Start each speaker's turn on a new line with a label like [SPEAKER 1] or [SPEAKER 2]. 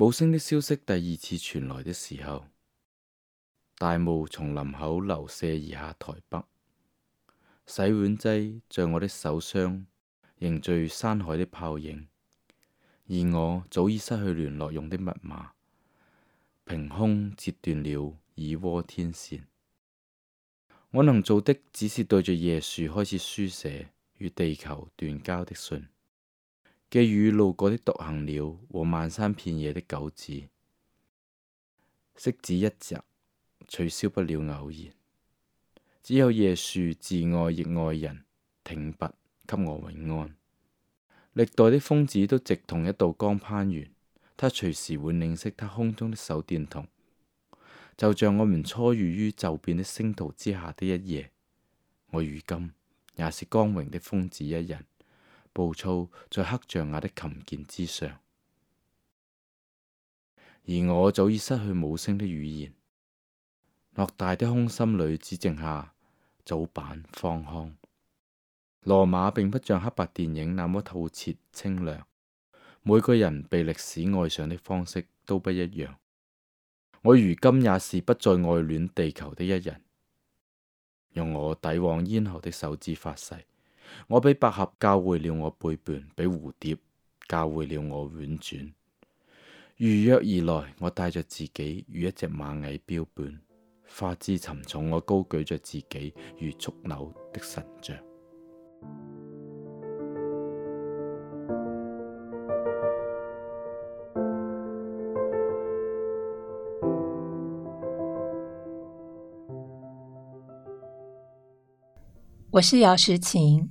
[SPEAKER 1] 母星的消息第二次傳來的時候，大霧從林口流瀉而下台北，洗碗劑在我的手上凝聚山海的泡影，而我早已失去聯絡用的密碼，憑空截斷了耳蝸天線。我能做的只是對着夜樹開始書寫與地球斷交的信。寄語路過的獨行鳥和漫山遍野的狗子，惜子一隻，取消不了偶然。只有夜樹自愛亦愛人，挺拔給我永安。歷代的瘋子都直同一道光攀援，他隨時會凝視他空中的手電筒，就像我們初遇於驟變的星途之下的一夜。我如今也是光榮的瘋子一人。暴躁在黑象牙的琴鍵之上，而我早已失去母星的語言。偌大的空心裏只剩下早板荒腔。羅馬並不像黑白電影那麼透徹清涼，每個人被歷史愛上的方式都不一樣。我如今也是不再愛戀地球的一人。用我抵往咽喉的手指發誓。我俾百合教會了我背叛，俾蝴蝶教會了我婉轉。如約而來，我帶着自己如一隻螞蟻標本，花枝沉重。我高舉着自己如觸柳的神像。
[SPEAKER 2] 我是姚時晴。